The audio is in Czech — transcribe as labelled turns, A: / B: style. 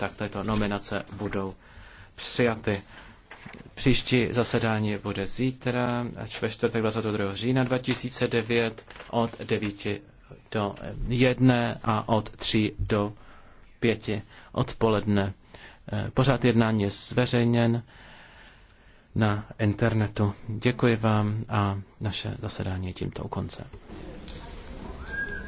A: tak tyto nominace budou přijaty. Příští zasedání bude zítra, až ve čtvrtek 22. října 2009 od 9 do 1 a od 3 do 5 odpoledne. Eh, pořád jednání je zveřejněn na internetu. Děkuji vám a naše zasedání je tímto u konce.